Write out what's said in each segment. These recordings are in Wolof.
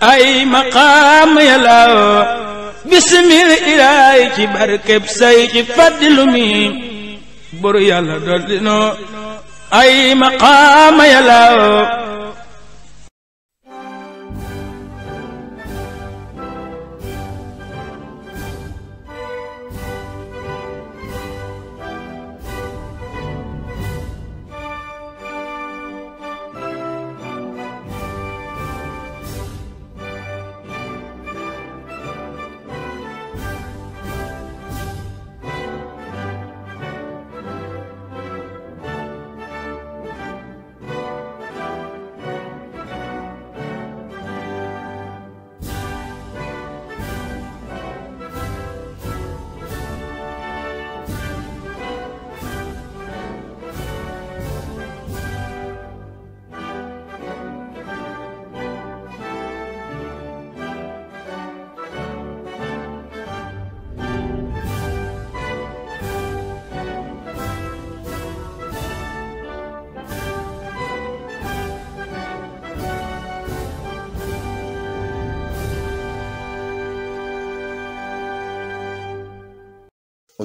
ay maqaam yàllaaw bisimil ilaay ci barkeb say ci faddilu mi buru yàlla dool dinoo ay maqaam yàllaaw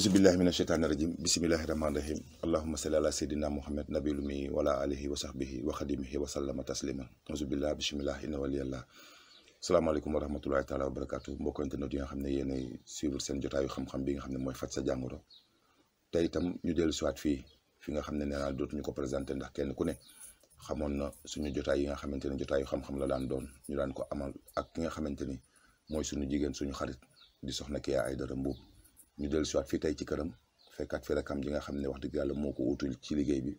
auzubillahi mina sheytaani rajim bisimillahi rahmaani rahim allahuma salli ala seydina muhammad nabilu mi wala alihi wa sahbihi wa xadimihi wa sallama taslima auzubillah bisimilah inna waliyallah salaamaaleykum wa rahmatullahi taala wa barakatu mbokk internet yi nga xam ne yéenay suivre seen jotaayu xam-xam bi nga xam ne mooy faj sa jàngoro itam ñu dellu siwaat fii fi nga xam ne nee naa dootuñu ko présenté ndax kenn ku ne xamoon na suñu jotaay yi nga xamante ne jotaayu xam-xam la daan doon ñu daan ko amal ak ki nga xamante ni mooy suñu jigéen suñu xarit di soxna Kya Aidara Mboup ñu dellu siwaat fii tey ci këram fekkaat fi rakam ji nga xam ne wax dëgg yàlla moo ko uutu ci liggéey bi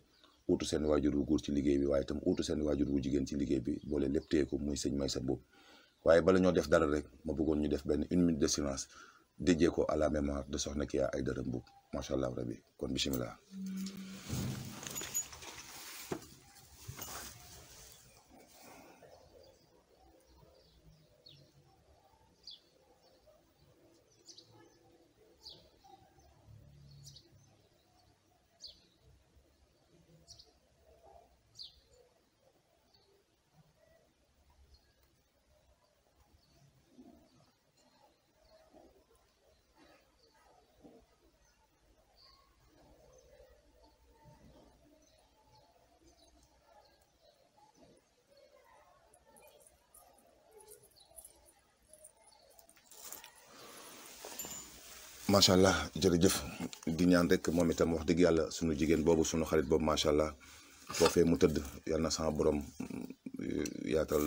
uutu seen waajur wu góor ci liggéey bi waaye itam uutu seen waajur wu jigéen ci liggéey bi boole lépp téye ko muy sëñ Maysa boobu waaye bala ñoo def dara rek ma bëggoon ñu def benn une minute de silence déjee ko à la mémoire de soxna Kya Aïdara Mboup macha allah rabbi kon bisimilah. macha allah jërëjëf di ñaan rek moom itam wax dëgg yàlla sunu jigéen boobu sunu xarit boobu macha allah foofee mu tëdd yal na sama borom eh, yaatal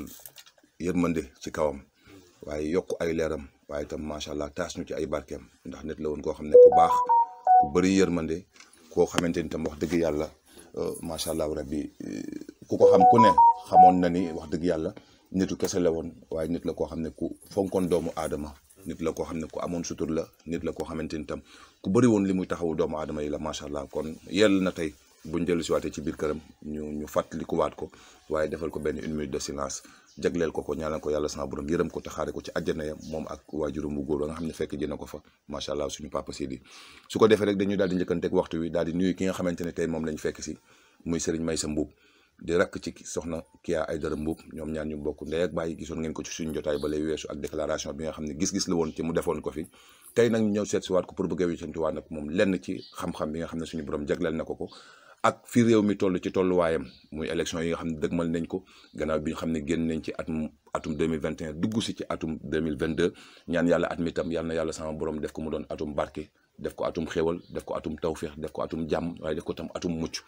yërmande ci kawam waaye yokk ay leeram waaye itam macha allah taas ñu ci ay barkeem ndax nit la woon koo xam ne ku baax ku bëri yërmande koo xamante ni tam wax dëgg yàlla eh, macha allah rabbi eh, ku ko xam ku ne xamoon na ni wax dëgg yàlla nitu kese la woon waaye nit la koo xam ne ku fonkon doomu aadama. nit la koo xam ne ku amoon sutur la nit la koo xamante ni tam ku bëri woon li muy taxawu doomu aadama yi la macha allah kon yell na tey buñ dellu si waatee ci biir këram ñu ñu fàttalikuwaat ko waaye defal ko benn une minute de silence jagleel ko ko ñaanal ko yàlla sama borom yërëm ko taxaare ko ci àjjana ya moom ak waajuram bu góor ba nga xam ne fekk jëna ko fa macha allah suñu papa Sidi su ko defee rek dañuy daal di njëkkanteeg waxtu wi daal di nuyu nga xamante ne tey moom lañ fekk si muy Serigne Maysa Mbuub di rakk ci soxna Kya Aidara Mboup ñoom ñaan ñu mbokk ndey ak bàyyi gisoon ngeen ko ci suñu jotaay ba lay weesu ak déclaration bi nga xam ne gis-gis la woon ci mu defoon ko fi tey nag ñu ñëw seet si waat ko pour bëgg a wéccantuwaat nag moom lenn ci xam-xam nga xam ne suñu borom jagleel na ko ko ak fi réew mi toll ci tolluwaayam muy élection yi nga xam ne mal nañ ko gannaaw bi nga xam ne génn nañ ci atum atum 2021 dugg si ci atum 2022 ñaan yàlla at mi tam yàlla na yàlla sama borom ko mu atum barke def ko atum xéwal def ko atum tawféex def ko atum jàmm waaye def ko tam atum mucc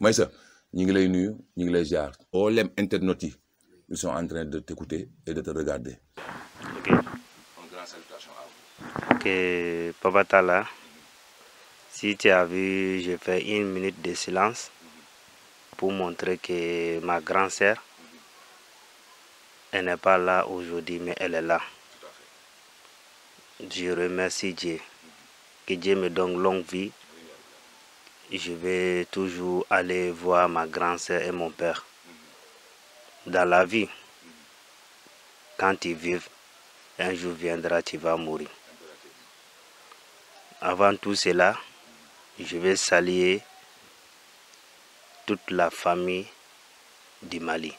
may sa ñu ngi lay nuyu ñu ngi lay jaar mboolem internautes yi ils sont en train de t'écouter et de te regarder. ok. Papa Talla si tu vu j'ai fait une minute de silence pour montrer que ma grande sœur elle n'est pas là aujourd'hui mais elle est là. Je remercie Dieu. Que Dieu me donne longue vie je vais toujours aller voir ma grand-sœur et mon père. Dans la vie, quand ils vivent, un jour viendra, tu vas mourir. Avant tout cela, je vais saluer toute la famille du Mali.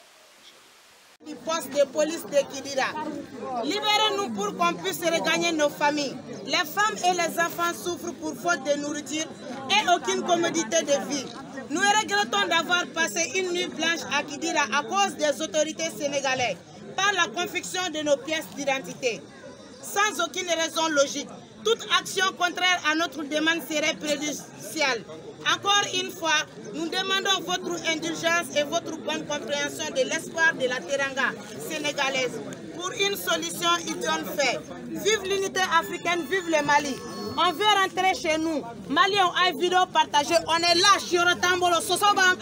Les femmes et les enfants souffrent pour faute de nourriture et aucune commodité de vie. Nous regrettons d'avoir passé une nuit blanche à Kidira à cause des autorités sénégalaises par la confection de nos pièces d'identité. Sans aucune raison logique, toute action contraire à notre demande serait préjudiciable. Encore une fois, nous demandons votre indulgence et votre bonne compréhension de l'espoir de la Teranga sénégalaise. pour une solution idoine faite. Vive l'unité africaine, vive le Mali. On veut rentrer chez nous. Mali, on a une vidéo partagée. On est là, Chiorotambolo, Sosobampa.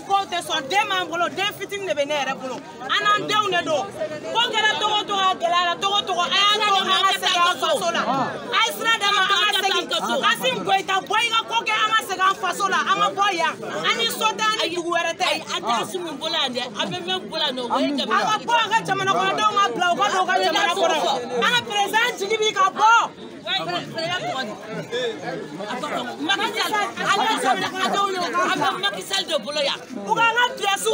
mɔgɔw tɛ sɔn den b'an bolo den fitini de bɛ ne yɛrɛ bolo an n'an denw de don ko kɛra togo togo a gɛlɛya la togo togo a y'an to ka segin an faso la a sira d'a ma an ka segin Kasim Goyita bɔ i ka ko kɛ an ka segin an faso la an ka bɔ yan an so tɛ an ni wɛrɛ tɛ. ayi an tɛ Asimu bolo yan dɛ an bɛ min bolo yan dɛ o ye jamana. a ka bɔ an ka jamana kɔnɔdenw ka bila u ka don ka jamana kɔnɔ an ka perezan jigi bi ka bɔ. bolo yan u ka an ka pièces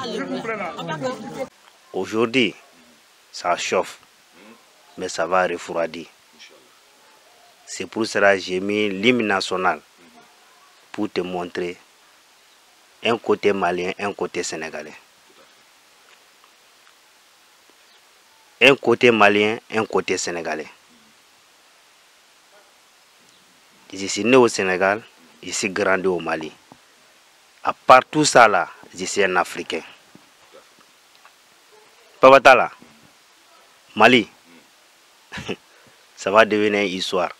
ta an Aujourd'hui, ça chauffe, mais ça va refroidir. C'est pour cela que j'ai mis pour te montrer un côté malien, un côté sénégalais. Un côté malien, un côté sénégalais. je suis né au Sénégal, je suis grandi au Mali. À part tout je suis un Africain. Pabatala, Mali, ça va histoire.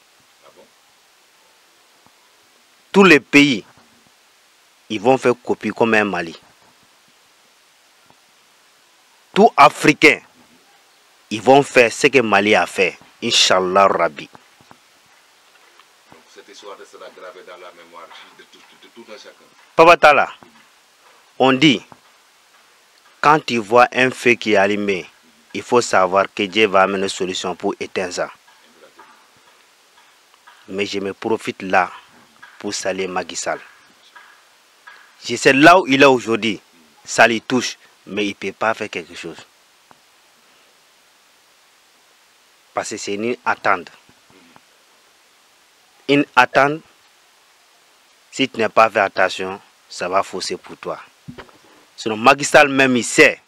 Tous les pays, ils vont faire copie comme un Mali. Tout Africain, ils vont faire ce que Mali a fait. Inch'Allah Rabbi. Papa Tala, on dit, quand tu vois un feu qui est il faut savoir que Dieu va amener solution pour éteindre ça. Mais je me profite là pour saluer Macky Je sais là où il aujourd'hui, ça touche, mais il peut pas faire quelque chose. Parce que c'est une attente. Si tu n'es pas fait pour toi. Sinon, Magistal même, il sait.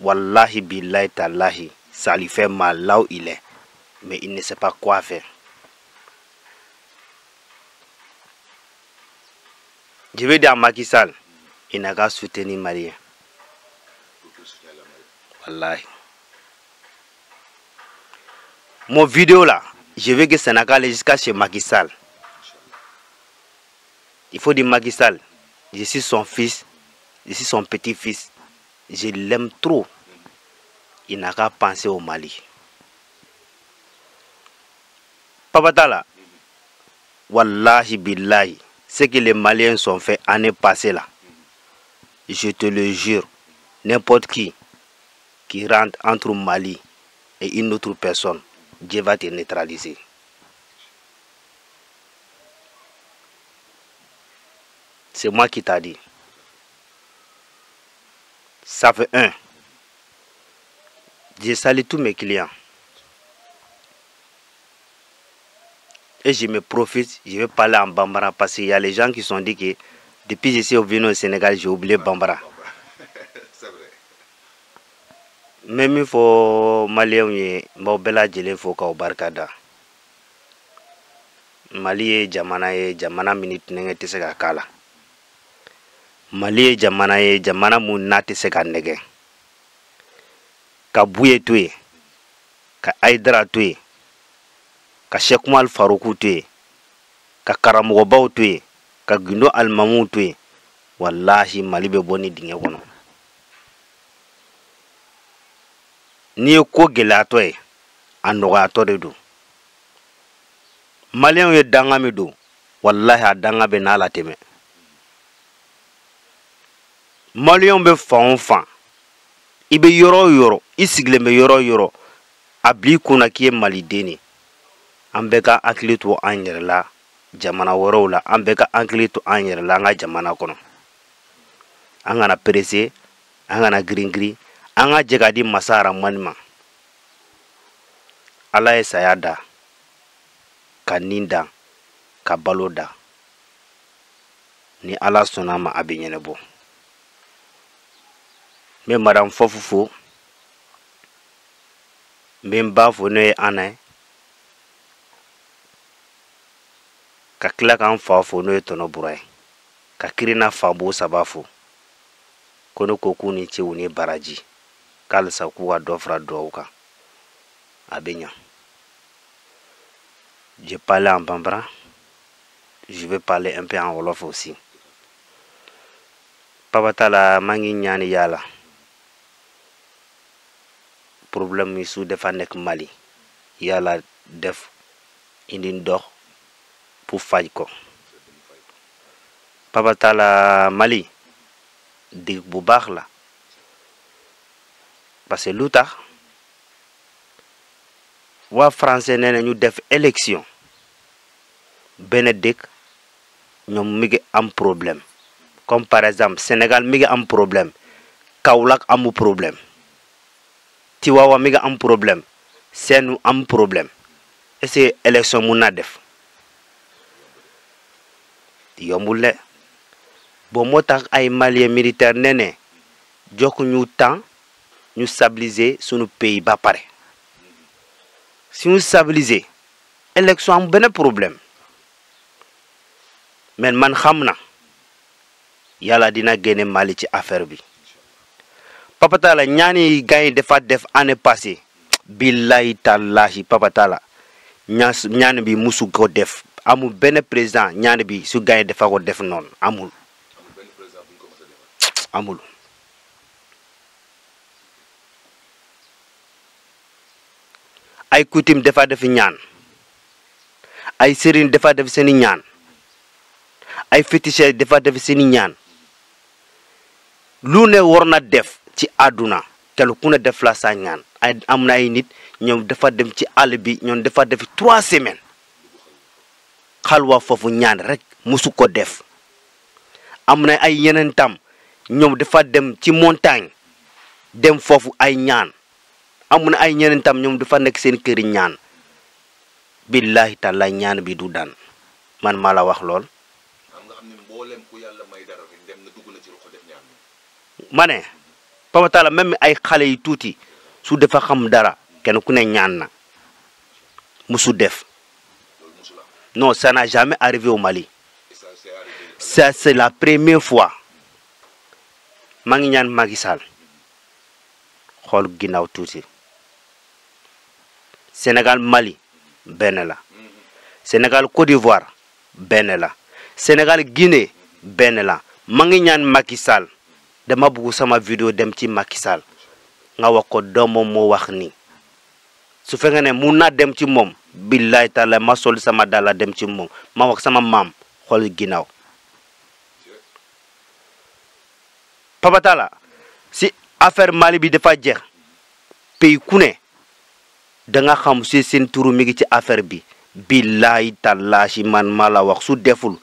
Wallahi billahi talahi, ça lui fait mal Mais il ne sait pas quoi faire. Je vais dire à Macky Sall, n'a qu'à soutenir Maria. Wallahi. Mon vidéo là, je veux que ça n'aille jusqu'à chez Macky Il faut du Macky Sall. Je suis son fils, je suis son petit-fils. Je l'aime trop. Il n'a qu'à penser au Mali. Papatala, wallahi billahi, ce que les Maliens sont fait année passée là, je te le jure, n'importe qui qui rentre entre Mali et une autre personne, Dieu va te neutraliser. C'est moi qui t'a dit. Ça fait un. J'ai salé tous me profite, je vais parler en bambara parce qu'il y a les depuis je suis venu au Sénégal, j'ai oublié bambara. n bɛ min fɔ maliyɛnw ye n b'aw bɛɛ lajɛlen fo mali ye jamana ye jamana min ni tinɛgɛ se ka k'a mali ye jamana ye jamana mun n'a tɛ se ka nɛgɛ ka buye to yen ka ayidara to yen ka sɛkuma faruku to yen ka karamɔgɔbaw to yen ka gindo alimamuw to yen walahi mali bɛ bɔ ni dingɛ kɔnɔ n'i ye ko gɛlɛyatɔ ye a nɔgɔyatɔ de don maliyɛnw ye danga min don walahi a danga bɛ n'a latɛmɛ maliyɛnw bɛ fan o fan i bɛ yɔrɔ o yɔrɔ i sigilen bɛ yɔrɔ o yɔrɔ a bil'i kunna k'i ye maliden de an bɛɛ ka hakili to an yɛrɛ jamana wɛrɛw la an bɛɛ ka hakili to an yɛrɛ an ka jamana kɔnɔ an kana perese an kana giringirin an ka jɛ ka di masa aramani ma ala ye saya da ka nin da ka balo da ni ala sɔnna ma a bɛ ɲɛnabɔ n bɛ fo n bɛ ba fo n'o ye ana ye ka tila ka n fo n'o ye tɔnɔ bura ye ka kirina fa b'o saba fo ko ne ko ni ce u ni baraji k'alisa k'u ka dɔ fara duwawu a bɛ ɲa je parle en bambara je vais parler un peu en wolof papa ta la maa ngi ñaani yàlla problème yi su dafa nekk Mali yàlla def indi ndox pour faj ko Papa Mali dig bu baax la parce que lu tax waa français nee na ñu def élection benn dëkk ñoom mi ngi am problème comme par exemple Sénégal mi ngi am problème Kaolack amu problème Tiwaawan mi nga am problème seenu am problème est-ce que élection mun naa def yombul le bon moo tax ay malien militaire ne ne jokk ñu temps ñu stabiliser sunu pays ba pare si ñu stabiliser élection am benn problème mais man xam na yàlla dina génne Mali ci affaire bi Papa Talla ñaani gars yi dafa def année passée billahi tallahi Papa Talla ñaa ñaan bi musu ko def amul benn président ñaan bi su gars yi dafa ko def noonu amul amul ay coutume dafa def ñaan ay sëriñ dafa def seeni ñaan ay féticheur dafa def seeni ñaan lu ne war na def ci àdduna te lu def la sa ñaan am na ay nit ñoom dafa dem ci àll bi ñoom dafa def trois semaine xalwa foofu ñaan rek musu ko def am na ay yeneen tam ñoom dafa dem ci montagne dem foofu ay ñaan am na ay ñeneen tam ñoom dafa nekk seen këri ñaan billahi taala ñaan bi du daan man maa la wax lool. xam Papa Talla même ay xale yi tuuti su dafa xam dara kenn ku ne ñaan na musu def non sana n'a jamais arrivé au Mali ça c'est la première fois maa ngi ñaan Macky Sall xool ginnaaw tuuti Sénégal Mali benn la Sénégal Côte d'Ivoire benn la Sénégal Guinée benn la maa ngi ñaan Macky Sall dama bëgg sama vidéo dem ci makisal nga wax ko doomam moo wax ni su fekkee ne mun na dem ci moom billaay taala ma sol sama dala dem ci moom ma wax sama maam xol ginnaaw Papa Talla si affaire Mali bi dafa jeex pays ku ne da nga xam si seen turu mi ngi ci affaire bi billaay tallaashi man maa la wax su deful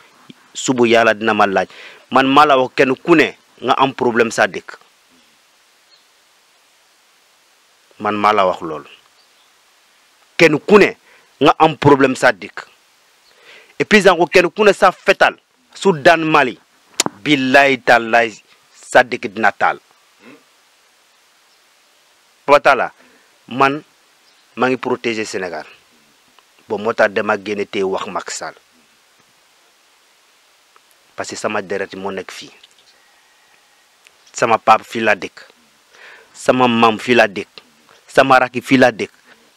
subu yàlla dina ma laaj man maa la wax kenn ku nga am problème sa dëkk man maa la wax loolu kenn ku ne nga am problème sa dëkk et puis kenn ku ne sa fetal su daan Mali billaay tallaay sa dëkk dina taal patala man maa ngi protéger Sénégal bon moo tax dama génne tey wax mak sal parce que sama deret moo nekk fii sama pap fii laa dëkk sama maam fii laa dëkk sama rakk fii laa dëkk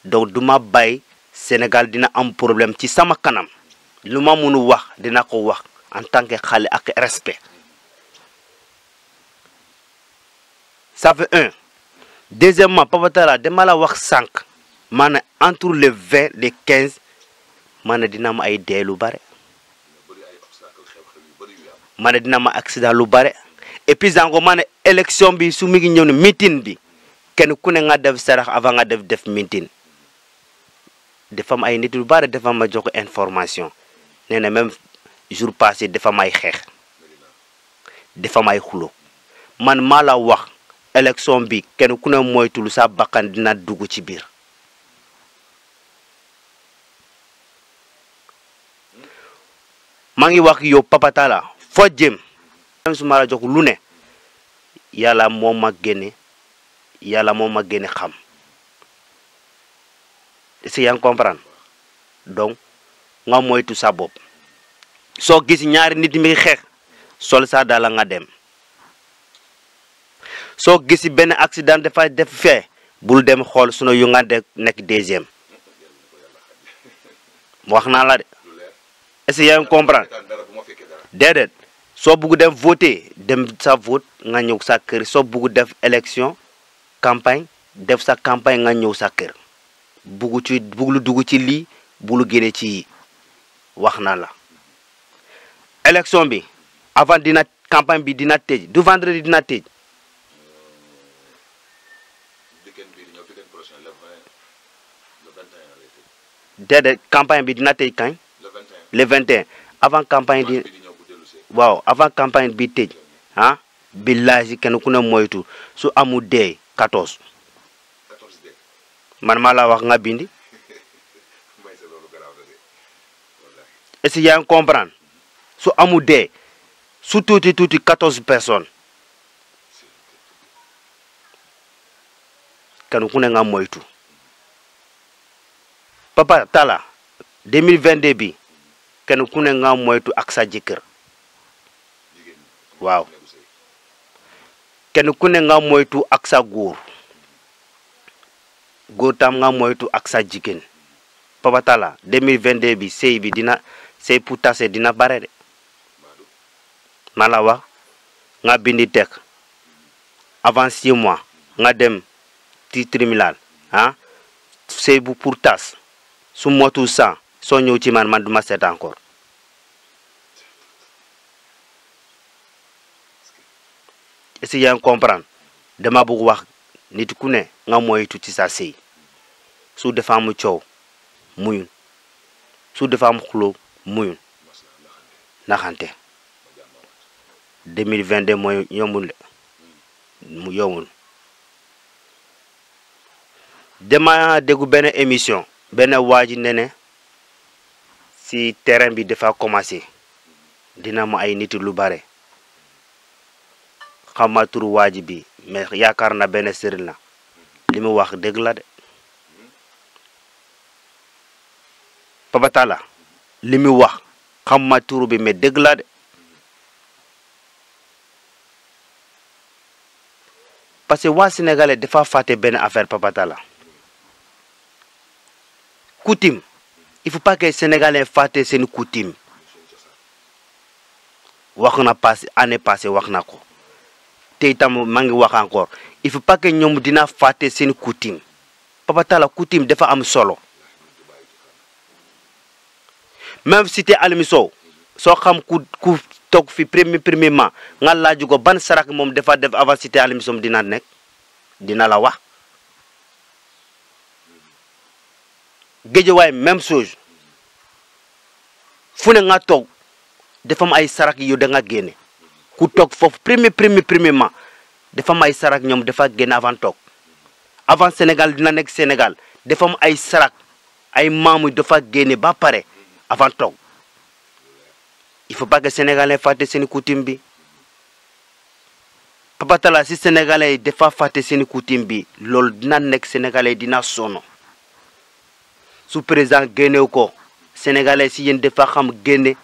donc du ma bay Sénégal dina am problème ci sama kanam lu ma mënu wax dina ko wax en tant que xale ak respect ça fait deuxièmement Papa Talla dama la wax sànq maanaam entre les vingt les quinze maanaam dina ma ay dee lu bare mane dina ma accident lu bare et puis dango ma bi su mi ngi ñëw ne meeting bi kenn ku ne nga def sarax avant nga def def meeting defam ay nit yu bari dafa ma jox information nee na même jour passé dafa may xeex dafa may xulo man maa la wax élection bi kenn ku ne moytul sa bakkan dina dugg ci biir maa ngi wax yow papatala foo jëm su ma la jox lu ne yàlla moo ma génne moo ma génne xam si comprendre donc nga moytu sa bopp soo gis ñaari nit mi xeex sol sa dala nga dem soo gis benn accident dafay def fee bul dem xool sunu yu nga nekk deuxième wax naa la de est-ce que yaa soo bugg dem voter dem sa vote nga ñëw sa kër soo bugg def élection campagne def sa campagne nga ñëw sa kër bugg ci dugg ci lii bugg lu ci wax na la élection bi avant dina campagne bi dina tëj du vendredi dina tëj déedéet campagne bi dina tëj kañ le avant campagne waaw avant campagne bi tëj ah billahi kenn ku ne moytu su amul dee 14 man maa la wax nga bindi est-ce que su amul dee su tuuti tuuti 14 personnes kenn ku ne nga moytu Papa Talla 2022 bi kenn ku ne nga moytu ak sa jëkkër waaw kenn ku ne nga moytu ak sa góor góor tam nga moytu ak sa jigéen Papa Talla 2022 bi sey bi dina sëy pour tase dina bare de ma la wax nga bindi teg avant mois nga dem ci tribunal ah bu pour tas su motu sa soo ñëw ci man man duma seet encore est-ce que comprendre dama bëgg wax nit ku ne nga moytu ci sa sëy su dafa am coow muyul su dafa am xuloo muyul mille vingt mooy yombul mu yombul dama déggu benn émission benn waa ji ne ne si terrain bi dafa commencé dina ma ay nit lu bare xam ma turu waa yaakaar na benn sëriñ la li mu wax dëgg la de Papa Talla li mu wax xam ma bi mais dëgg la de parce que waa sénégalais dafa fàtte benn affaire Papa Talla coutume il faut pas seen coutume wax na passé année passée wax na ko te itam maa ngi wax encore il faut pas que ñoom dina fàtte seen coutume Papa Talla coutume dafa am solo même si te soo xam ku ku toog fi premier premièrement nga laaj ko ban sarak moom dafa def avant si te dina nekk dina la wax géejewaay même chose fu ne nga toog defam ay sarak yu da nga génne. ku toog foofu premier premier premièrement dafa am ay sarak ñoom dafa génn avant avant Sénégal dina nekk senegal dafa am ay sarak ay maamu dafa génne bapare pare avant toog il faut pas que sénégalais fàtte seen bi Papa si sénégalais yi dafa fàtte seen coutume bi loolu dina nekk sénégalais dina soono su président génnew ko sénégalais si yéen dafa xam génne.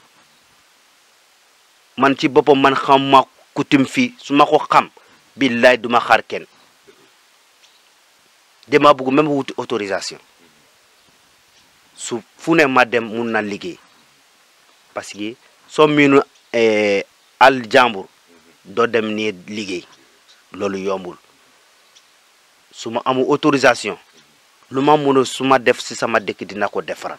man ci boppam man xam ma kutum fii su ma ko xam billaay duma xaar kenn dama bëgg même wuti autorisation su fu ne ma dem mun na liggéey parce que soo miinu al eh, jàmbur doo dem nii liggéey loolu yombul su ma amul autorisation lu ma mën su ma def si sama dëkk dina ko defaral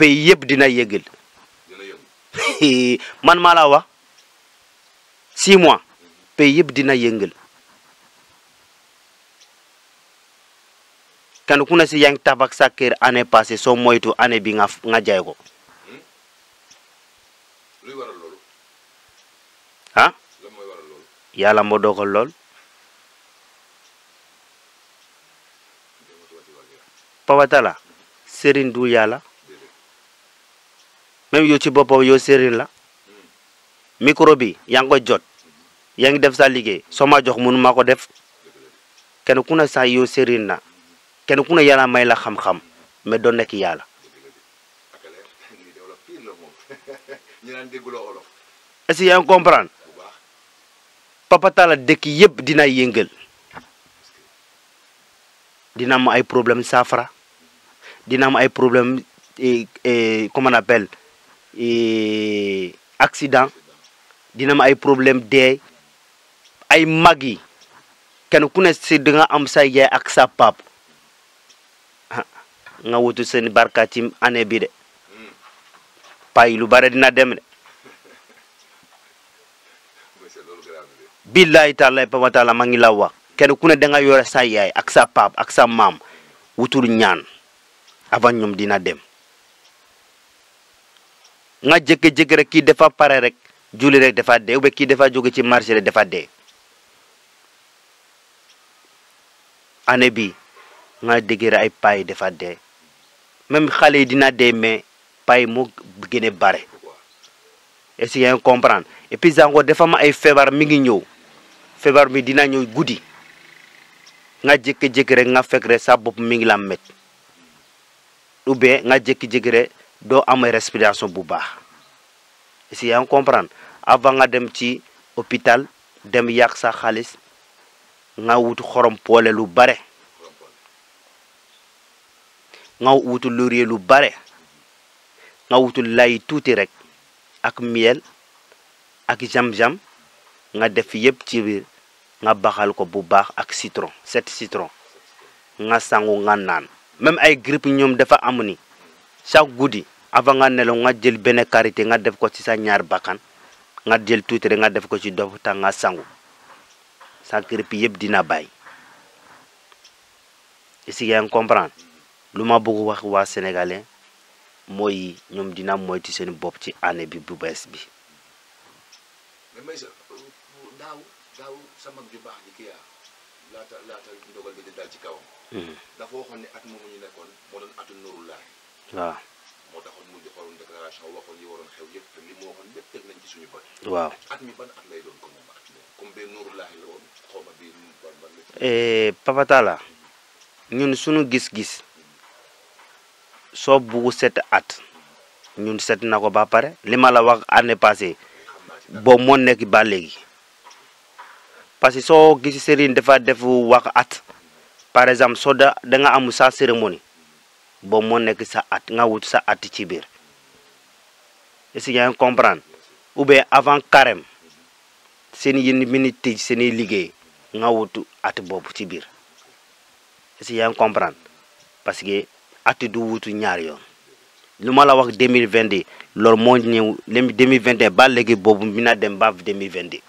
pays yëpp dina yëgal man maa la wax six mois yëpp dina yëngal kenn ku si yaa tabak tabax sa kër année passée soo moytu année bi nga nga jaay ko hmm? ah yàlla moo dogal lool pawatala sëriñ du yàlla même yow ci boppam yow séeréer la micro bi yaa jot yaa ngi def sa liggéey soo ma jox mënu maa ko def kenn ku ne sax sérin na kenn ku ne yàlla may la xam-xam mais doo nekk yàlla. est-ce que Papa Talla dëkk yëpp dina yëngal dinam ay problème saafara dina am ay problème eh, eh, comment on appelle accident dina am ay problème dee ay mag yi kenn ku ne si danga nga am sa yaay ak sa pap ah, nga wutu seen barka année bi de pay lu bare dina dem de billahi taala papa taala ngi la wax kenn ku ne da yore sa yaay ak sa ak sa maam wutul ñaan avant ñoom dina dem nga jékki-jékki rek kii dafa pare rek julli rek dafa dee ou bien kii dafa jóge ci marché rek defa dee année bi nga dégg ay paa defa dafa dee même xale yi dina dee mais paa yi moo gën a bare est-ce que yaa ngi comprendre ma ay feebar mi ngi ñëw feebar mi dina ñëw guddi nga jékki-jékki rek nga fekk sa bopp mi ngi la met ou bien nga jékki-jékki doo amee respiration bu baax si yaa ngi comprendre avant nga dem ci hôpital dem yàq sa xaalis nga wut xorom poole lu bare nga wutu laurier lu bare nga wutu lay tuuti rek ak miel ak jam-jam nga def yëpp ci biir nga baxal ko bu baax ak citron set citron nga sangu nga naan même ay grippe ñoom dafa amu ni sa guddi avant nga nelaw nga jël benn karité nga def ko ci sa ñaar bakkan nga jël tuuti rek nga def ko ci dof ta nga sangu sa crépi yëpp dina bàyyi est-ce que comprendre lu ma bëgg wax waa sénégalais mooy ñoom dina moytu seen bopp ci année bi bu bees bi. daaw daaw sa mag waaw moo eh, ñun suñu gis-gis soo bugg set at ñun set na ko ba pare li ma la wax année passée boobu moo nekk ba léegi parce que soo gis sëriñ dafa def wax at par exemple soo da da nga am sans boobu moo nekk sa at nga wut sa at ci biir est-ce que yaa ngi comprendre ou bien avant carême seen yenn seeni liggéey nga wutu at boobu ci biir est-ce que parce que at du wutu ñaar yoon lu ma la wax 2022 loolu moo ñëw léegi 2021 ba léegi boobu mi na dem ba 2022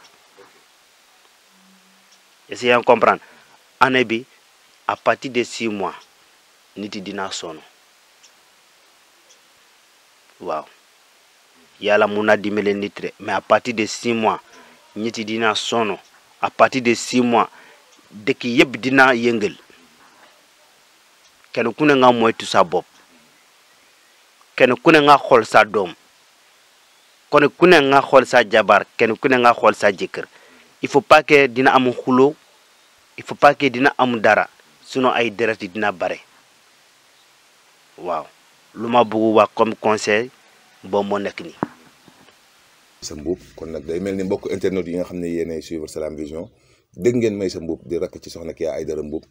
est-ce que yaa ngi comprendre année bi à partir de 6 mois nit yi dinaa sonn waaw yàlla mun na dimbale nitre rek mais à partir de six mois nit yi dinaa sonn à partir de six mois dëkk yëpp dinaa yëngal kenn ku ne nga moytu sa bopp kenn ku ne nga xool sa doom kon ku ne nga xool sa jabar kenn ku ne nga xool sa jëkkër i faut pas dina am xulo il faut pas dina am dara sinon ay deret dina bare waaw lu ma bëgg wax comme conseil boobu moo nekk nii. Meissa Mboup kon nag day mel ni mbokk internet yi nga xam ne yéenay suivre Salam Vision dégg ngeen may sa Mboup di rekk ci soxna Kya Aidara Mboup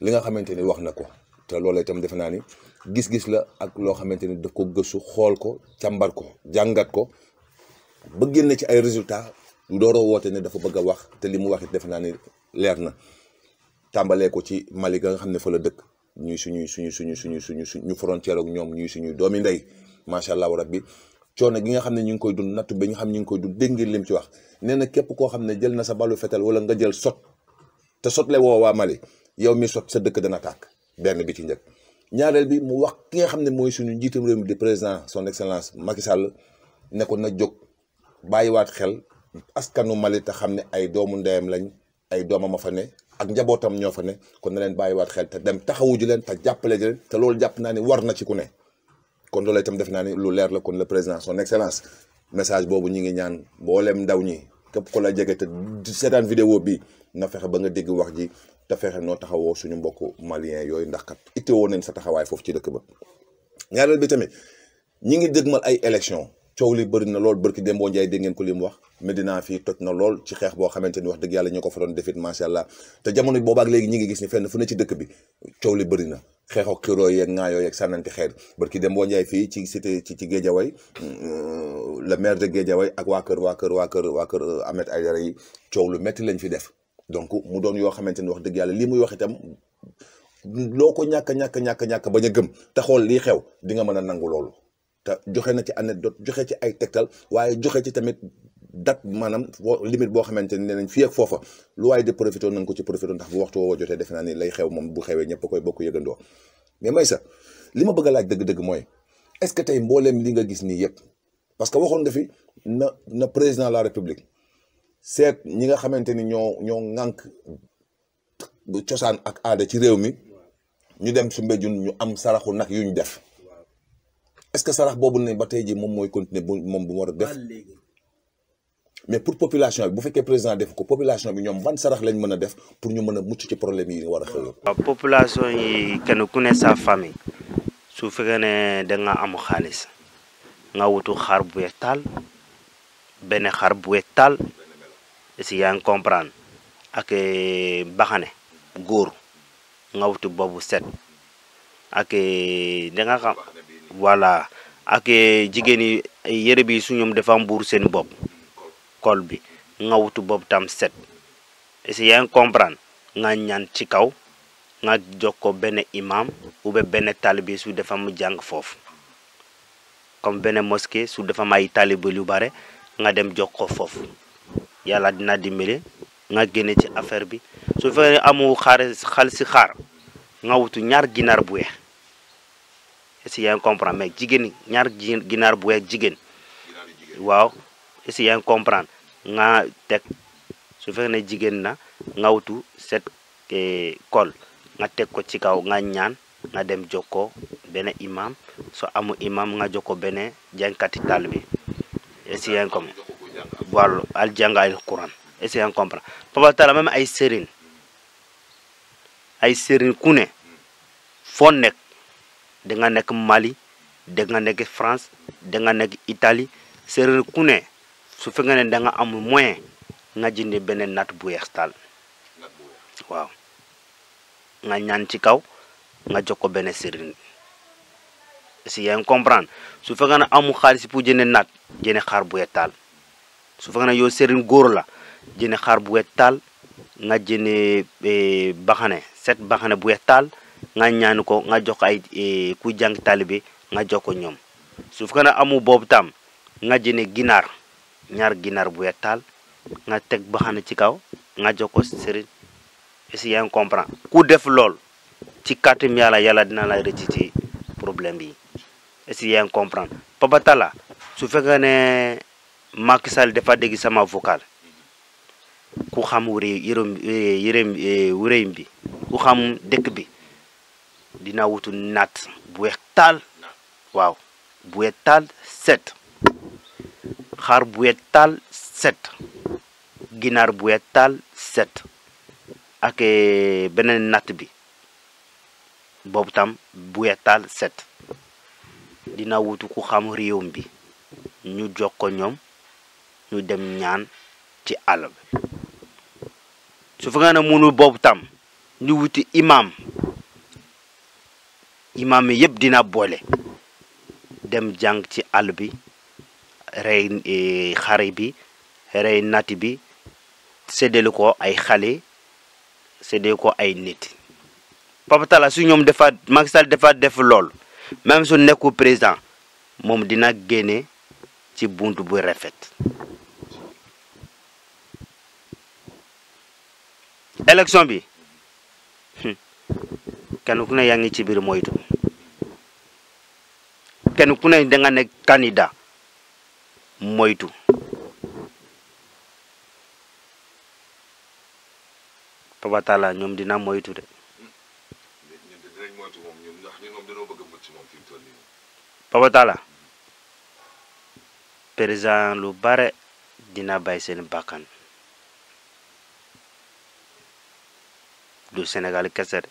li nga xamante ni wax na ko te loola itam defe naa ni gis-gis la ak loo xamante ni daf ko gëstu xool ko càmbar ko jàngat ko ba génne ci ay résultat dooroo woote ne dafa bëgg a wax te li mu wax it defe naa ni leer na tàmbalee ko ci Mali ga nga xam ne fa la dëkk. ñuy suñuy suñu suñu suñu suñu suñu frontière ak ñoom ñuy suñuy doomi ndey macha allah bi coono gi nga xam ne ñu ngi koy dund nattu bi ñu xam ne ñu ngi koy dund dégg ngeen lim ci wax nee na képp koo xam ne jël na sa balu fetal wala nga jël sot te sotle woo waa Mali yow mi sot sa dëkk dana tàkk benn bi ci njëkk. ñaareel bi mu wax ki nga xam ne mooy suñu njiitam réew mi di président son excellence Macky Sall ne na jóg bàyyiwaat xel askanu Mali te xam ne ay doomu ndeyam lañ. ay doomam a fa ne ak njabootam ñoo fa ne kon na leen bàyyiwaat xel te dem taxawu ji leen te jàppale ji te loolu jàpp naa ni war na ci ku ne kon loolu itam def naa ni lu leer la kon le président son excellence message boobu ñi ngi ñaan mboolem ndaw ñi képp ko la jege te seetaan vidéo bi na fexe ba nga dégg wax ji te fexe noo taxawoo suñu mbokk malien yooyu ndax kat ittewoo nañ sa taxawaay foofu ci dëkk ba ñaareel bi tamit ñi ngi dëgmal ay élection coow li bëri na lool barki Dembo Ndiaye dégg ngeen ko li mu wax Medina fii toj na lool ci xeex boo xamante ni wax dëgg yàlla ñoo ko fa doon defit macha allah te jamono boobaak léegi ñu ngi gis ni fenn fu ne ci dëkk bi coow li bëri na xeexoo xiroo yeeg ŋaayoo yeeg sànnante xeer barki Dembo Ndiaye fii ci cité ci ci Guédiawaye euh, le maire de Guédiawaye ak waa kër waa kër waa kër waa kër euh, Ahmed Aïdara yi coow lu metti lañ fi def donc mu doon yoo xamante ni wax dëgg yàlla lii muy wax itam loo ko ñàkk ñàkk ñàkk ñàkk bañ a gëm te xool lii xew di nga mën a nangu loolu te joxe na ci anecdote joxe ci ay tegtal waaye joxe ci tamit date maanaam limite boo xamante ne nañ fii foofa lu waaye di profité nañ ko ci profité ndax bu waxtu woo jotee defe naa ni lay xew moom bu xewee ñëpp koy bokk yëgandoo mais sax li ma bëgg laaj dëgg-dëgg mooy est-ce que tey mbooleem li nga gis nii yëpp parce que waxoon nga fi na na président la république seet ñi nga xamante ni ñoo ñoo ŋànk cosaan ak aada ci réew mi ñu dem su mbéjun ñu am saraxu nag yu ñu def est-ce que sarax boobu ne ba tey ji moom mooy continuer bu moom bu mu a def mais pour population bi bu fekkee président def ko population bi ñoom ban sarax lañ mën a def pour ñu mën a mucc ci problème yi war a xew waaw population yi kenn ku ne sa famille su fekkee ne da nga am xaalis nga wutu xar bu weex taal benn xar bu weex taal si yaa ngi comprendre ak eh, baxane góor nga wutu boobu set ak eh, da xam voilà ak eh, jigéen yi eh, yére bi su ñoom dafa am buur seen bopp kol bi nga wutu bopp tam set est-ce que nga ñaan ci kaw nga jog ko benn imam ou bien benn talibe su dafa mu jàng foofu comme benn mosquée su dafa am ay talibe yu bare nga dem jog ko foofu yàlla dina dimbali nga génne ci affaire bi su fekkee amu xaar xaar nga wutu ñaar ginaar bu weex si yaa ngi comprendre mais ñaar ginaar bu weex jigéen waaw si yaa ngi comprendre nga teg su fekkee ne jigéen na nga wutu set eh, kol nga teg ko ci kaw nga ñaan nga dem jokkoo benn imam so amu imam nga jokkoo benn jàngkati taal bi si yaa ngi comprendre al jàng al quran si yaa ngi papa tala même ay sëriñ ay sëriñ ku ne foo danga nga nekk Mali da nga nekk France da nga nekk Italie séeréer ku ne su fekkee ne da nga moyen nga jënd beneen nat bu weex taal waaw nga ñaan ci kaw nga jox ko benn séeréer si yaa comprendre su fekkee ne amul xaalis pour jënd natt jënd xaar bu weex taal su fekkee ne yow serin góor la jënd xaar bu weex taal nga jënd eh, baxane set baxane bu weex taal. nga ñaan ko nga jox ko ay eh, ku jàng taalibe nga jox ko ñoom su fekkee ne amu boobu tam nga jëne ginaar ñaar ginaar bu weex taal nga teg baxana ci kaw nga jox ko sëriñ si yaa ngi ku def lool ci kàttum yàlla yàlla dina la rëcc ci problème bi est-ce que yaa ngi su fekkee ne Macky Sall dafa dégg sama vocal ku xam wure yërëm eh, eh, bi ku xam dëkk bi dina wutu naat bu weex waaw bu weex set xaar bu weex set ginaar bu weex set ak eh, beneen natt bi boobu tam bu weex set dina wutu ku xam réew bi ñu jokko ñoom ñu dem ñaan ci àll bi su fekkee ne mënul boobu tam ñu wuti imam imaam yi yëpp dinaa boole dem jàng ci àll bi rey eh, xare bi rey nati bi séddale ko ay xale séddale ko ay nit Papa Talla su ñoom dafa Macky Sall dafa def lool même su nekku président moom dina génne ci bunt bu rafet élection bi hmm. kenn ku ne yaa ngi ci biir moytu kenn ku ne kanida nga nekk candidat moytu Papa ñoom dina moytu de Papa Talla lu bare dina bàyyi seen bakkan du senegal kese de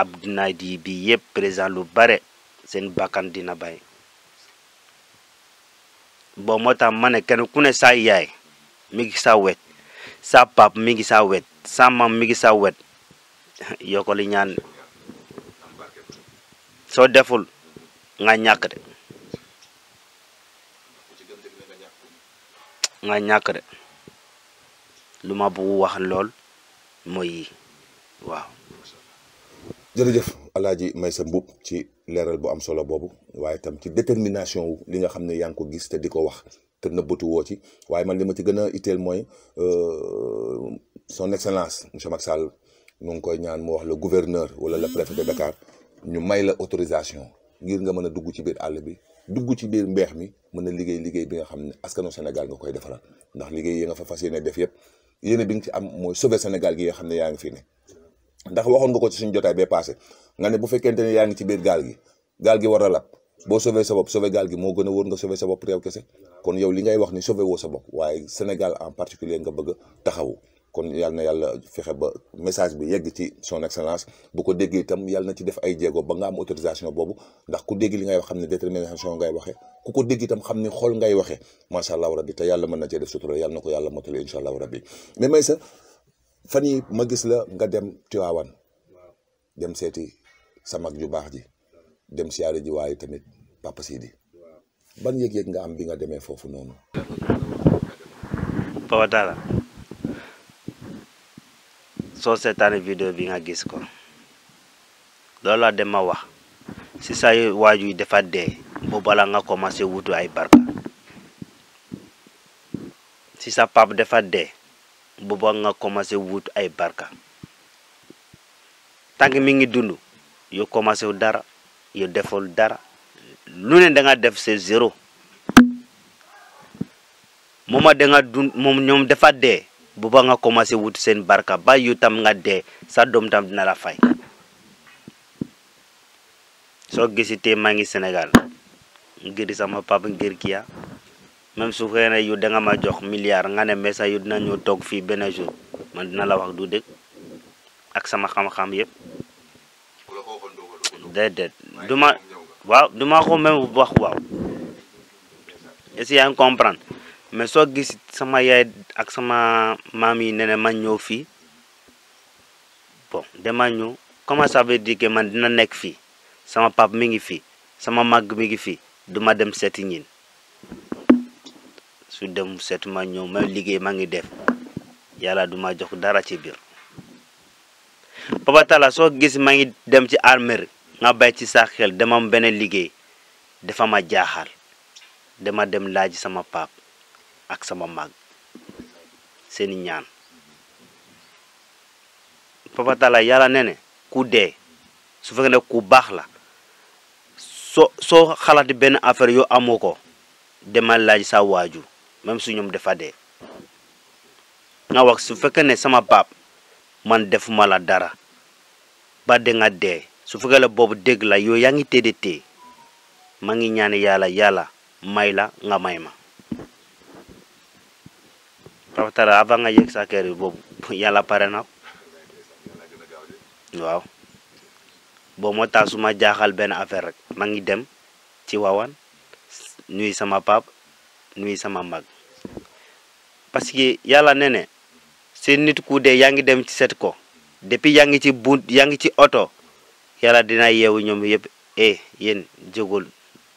àdduna di bi yëpp président lu bare seen bakkan dina bay bon moo tax ma ne kenn ku ne yaay mi ngi sa wet sa pap mi ngi sa wet sa mam mi ngi wet yokkoli ñaan soo deful nga ñàkk de nga ñàkk de lu ma bëgg wax lool mooy waaw jërëjëf alaaji Maysa Mboup ci leeral bu am solo boobu waaye tam ci détermination wu li nga xam ne yaa ngi ko gis te di ko wax te nëbbatu woo ci waaye man li ma ci gën a itteel mooy euh, son excellence monsieur Macky Sall nu ngi koy ñaan mu wax la gouverneur wala le préfet Dakar ñu may la autorisation ngir nga mën a dugg ci biir àll bi dugg ci biir mbeex mi mën a liggéey liggéey bi nga xam ne askanu Sénégal nga koy defaral ndax liggéey yi nga fa fas yéene def yëpp yéene bi nga ci am mooy sauver Sénégal gi nga xam ne yaa ngi fi ne ndax waxoon nga ko ci suñu jotaay bee passé nga ne bu fekkente ne yaa ngi ci biir gaal gi gaal gi war a lab boo sauver sa sauver gaal gi moo gën a wóor nga sauver sa bopp réew kese kon yow li ngay wax ni sauver woo sa bopp waaye Sénégal en particulier nga bëgg a taxawu kon yàlla na yàlla fexe ba message bi yegg ci son excellence bu ko déggee itam yàlla na ci def ay jéego ba nga am autorisation boobu ndax ku dégg li ngay wax xam ne détermination ngay waxee ku ko dégg itam xam ne xool ngay waxee macha allah rabbi te yàlla mën na cee def na ko yàlla motali incha fan yi ma gis la nga dem Tiwaawan dem seeti sa mag ju baax ji dem siyaare ji waaye tamit Papa Sidi ban yëg-yëg nga am bi nga demee foofu noonu. Papa Talla soo seetaanee vidéo bi nga gis ko loolu laa dem ma wax si say waaju yi dafa dee bu balaa nga commencé wutu ay barka si sa pap dafa dee. bu ba nga commencé wut ay barka tànk mi ngi dund yow commencé wu dara yow deful dara lune ne def c'est zéro mooma da nga moom ñoom dafa dee bu ba nga commencé wut seen barka ba yu tam nga dee sa doom tam dina la fay soo gisitee maa ngi Sénégal ngir sama papa ngir kiya même su xëy na yu da ma jox milliard nga ne mais sax yu dinañu toog fii benn jour man dina la wax du dëgg ak sama xam-xam yëpp déedéet du ma waaw du ma ko même wax waaw est-ce yaa ngi comprendre mais soo gis sama yaay ak sama maam yi ne ne ma ñëw fii bon dama ñëw comment ça veut dire man dina nekk fii sama pap mi ngi fii sama mag mi ngi fii duma dem seeti ñin su dem seet ma ñëw ma liggéey ma ngi def yàlla du ma jox dara ci biir Papa Talla soo gis ma ngi dem ci armée nga bay ci sa xel demam beneen liggéey dafa ma jaaxal dama dem laaj sama paap ak sama mag seeni ñaan Papa Talla yàlla ne ne ku dee su fekkee ne ku baax la so soo xalaati benn affaire yo amoo ko demal laaj sa waaju même su ñoom dafa dee nga wax su fekkee ne sama baab man defuma la dara ba de nga dee su fekkee la boobu dégg la yow yaa ngi tëdd tee maa ngi ñaan yàlla yàlla may la nga may ma. Papa avant nga yegg sa kër boobu yàlla pare na waaw boo moo tax su ma jaaxal benn affaire rek ma ngi dem ci wawan nuy sama pap nuy sama mag. parce que yàlla ne ne seen nit ku dee yaa ngi dem ci set ko depuis yaa ngi ci bunt yaa ngi ci oto yàlla dina yeewu ñoom yëpp e yéen jógul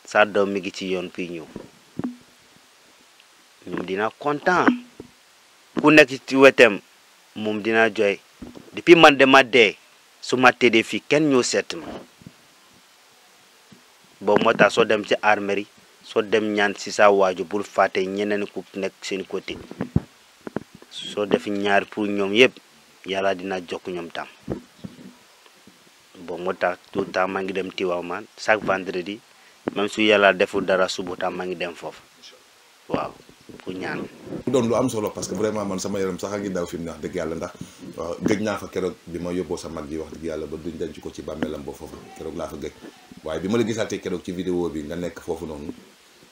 sa doom mi ngi ci yoon fii ñëw ñoom dina kontaan ku nekk ci wetem moom dina jooy depuis man dama dee su ma tëddee fii kenn ñëw seet ma boobu moo tax soo dem ci armeri soo dem ñaan si sa waajur bul fàtte ñeneen ku nekk seen côté soo def ñaar pour ñoom yëpp yàlla dina jokk ñoom tam bon moo tax tout temps maa ngi dem Tivaouane chaque vendredi même su yàlla deful dara suba tam maa ngi dem foofu waaw pour ñaan. mu doon lu am solo parce que vraiment man sama yaram sax a ngi daw fi mu wax dëgg yàlla ndax gëj naa fa keroog bi ma yóbboo sa mag ji wax dëgg yàlla ba duñ ci ko ci bàmmeelam ba foofu keroog laa fa gëj waaye bi ma la gisaatee keroog ci vidéo bi nga nekk foofu noonu.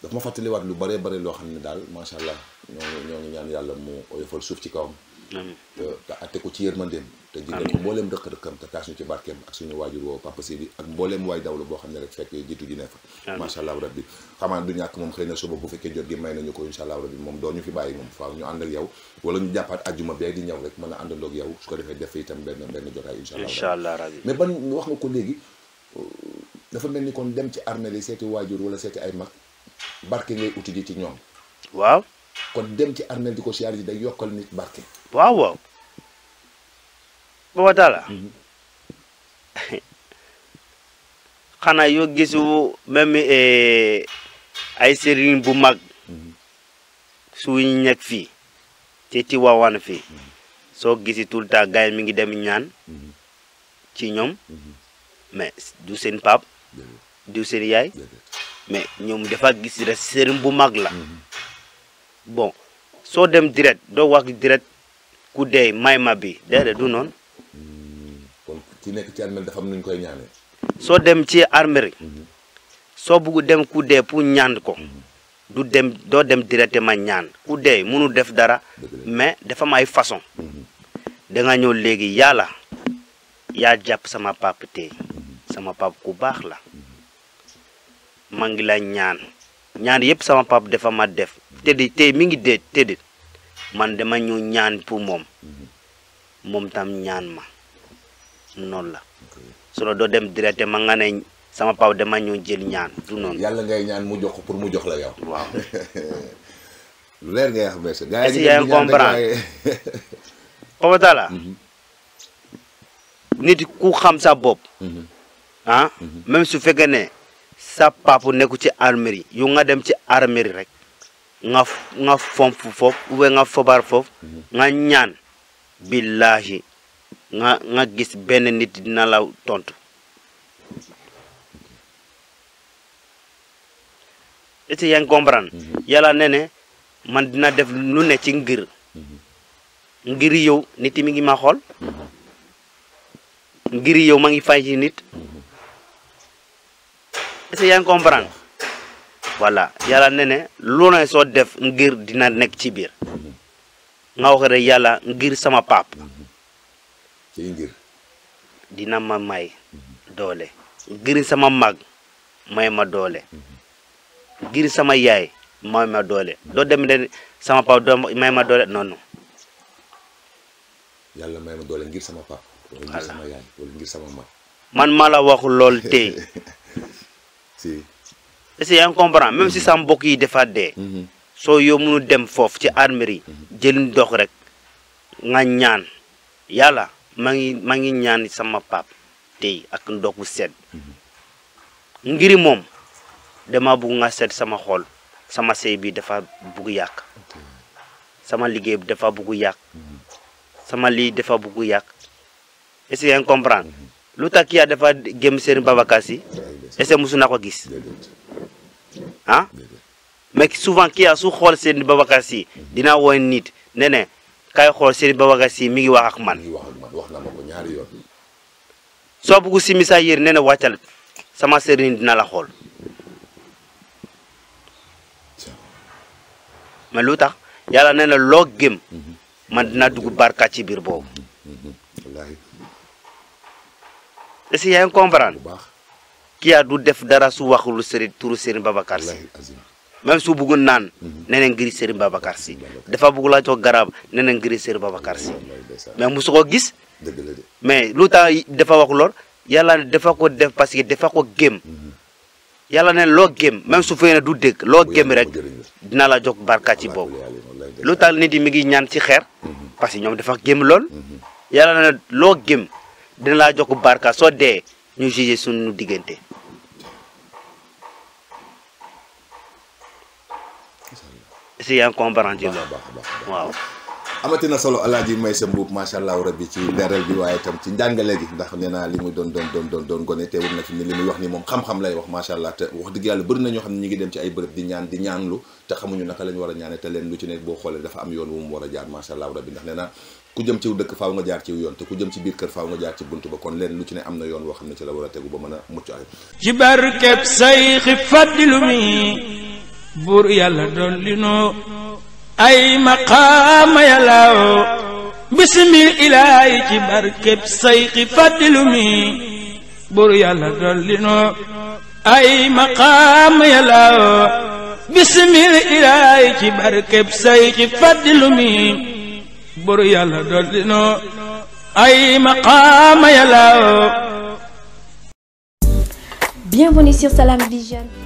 daf ma fàttaliwaat lu bëree bëri loo xam ne daal macha allah ñoo ñoo ngi ñaan yàlla mu oyofal suuf ci kawam. te te atte ko ci yërmandeem. te jigéen ko mbooleem dëkk-dëkkam te taas boo xam ne rek fekk jiitu ji ne ñàkk moom xëy bu fekkee jot gi may nañu ko incha allah rabbi moom doo ñu fi bàyyi moom a àndandoo ak yow su ko defee def itam benn benn jotaay incha allah rabbi mais ban wax nga ko léegi dafa mel ni kon dem ci armée li seeti waajur wala seeti ay mag barke ngay uti ji ci ñoom. waaw. kon dem ci armeel di ko siyaar ji day yokkal nit barke. waaw waaw. booba taala mhm. xanaa yoo gisu même eh, ay sëriñ bu mag mhm. su nekk fii te ci waawaan fii mhm. soo gisi tout le temps gars yi mi ngi dem ñaan ci ñoom mais du seen pap du seen yaay mais ñoom dafa gis rek sëriñ bu mag la mhm. bon soo dem direct doo wax direct ku dee may ma bi déedéet du noon mhm. kon ki nekk ci armeel dafa soo dem ci armeel mhm. soo bugg dem ku dee pour ñaan ko du dem doo dem directement ñaan ku dee mënu def dara mais dafa may ay façon da ñëw léegi yàlla yaa jàpp sama pap tey sama pap ku baax la. maa ngi lay ñaan ñaan yëpp sama pap dafa ma def tëddi tey mi ngi dee tëddi man dama ñu ñaan pour moom moom tam ñaan ma noonu la solo doo dem man nga ne sama pap dama ñu jël ñaan du noonu. yàlla ngay ñaan mu jox pour mu jox la yow. waaw. lu leer ngay xam ne yaa ngi comprendre mhm. nit ku xam sa bopp. Mhm. ah mhm. même su fekkee ne. sa papa nekku ci armeri yu nga dem ci armeri rek nga fomp foofu oubien nga fobar foofu mhm. nga ñaan billahi nga nga gis benn nit dina la tontu. est ce yaa ngi comprendre. Mhm. yàlla ne ne man dina def lu ne ci ngir. Mhm. ngir yow nit yi mi ngi ma xool. ngir yow ma ngi fay ci nit. est yaa ngi comprendre voilà yàlla ne ne lu soo def ngir dina nekk ci biir nga wax yàlla ngir sama pap ci ngir dina ma may doole ngir sama mag may ma doole ngir sama yaay may ma doole doo dem de sama paap may ma doole non non yàlla may ma doole ngir sama paap man maa la wax lool tey si est-ce que si mhm. sa mbokk yi dafa dee mhm. soo yow mënu dem foofu ci armeri mhm. jël dox rek nga ñaan yàlla maa ngi maa ngi ñaan sama pap tey ak ndox bu sedd ngir moom dama bugg nga seet sama xol sama sëy bi dafa bugg yàq sama liggéey bi dafa bugg yàq sama lii dafa bugg yàq est-ce que lu tax Kya dafa gém Serigne Babacar Sy est-ce que mosu na ko gis ah mais souvent Kya ah, su xool Serigne Babacar Sy dina woy niit ne ne kay xool Serigne Babacar Sy mi ngi wax ak man wax na ma ko ñaari yoon soo si misa yér ne ne wàccal sama Serigne dina la xool mais lu tax yàlla ne na loo gém mhm. man dina dugg barka ci biir boobu mhm. Mhm. est-ce que yaa ngi comprendre. du def dara su waxul Serigne turu baba Babacar Sy. même su bëggoon naan. Mhm. nee na ngir Serigne Babacar Sy. dafa bëgg laa jox garab nee na ngir Serigne Babacar Sy. mais musu ko gis. mais lu tax dafa wax lool yàlla defa ko def parce que dafa ko gém. Mhm. yalla ne loo gém même su fekkee du dégg loo gém rek dina la jox barka ci boobu. lu tax nit yi mi ngi ñaan ci xeer. Mhm. parce que ñoom dafa gém lool. yàlla ne loo gém. dina laa jox barka soo dee ñu jugé suñu diggante si yaa ngi comprendre ci loolu waaw amati na solo may sa mbuub macha allah rabbi ci leeral bi waaye itam ci njàngale gi ndax nee naa li muy doon doon doon doon doon gone teewul na fi ni li muy wax ni moom xam-xam lay wax macha allah te wax dëgg yàlla bëri ñoo xam ne ñu ngi dem ci ay bërëb di ñaan di ñaanlu te xamuñu naka lañ war a ñaane te leen lu ci nekk boo xoolee dafa am yoon wu mu war a jaar macha ku jëm ciw dëkk faaw nga jaar ciw yoon te jëm ci biir kër faaw a a ci barkeb say xi fàddilu mi buur yàlla dolli noo ay maqaama yàlla bisimil ilaahi ci barkeb say xi yàlla dolli noo buru yàlla dolli noo ay maqaama yàlla Bienvenue sur Salam Vision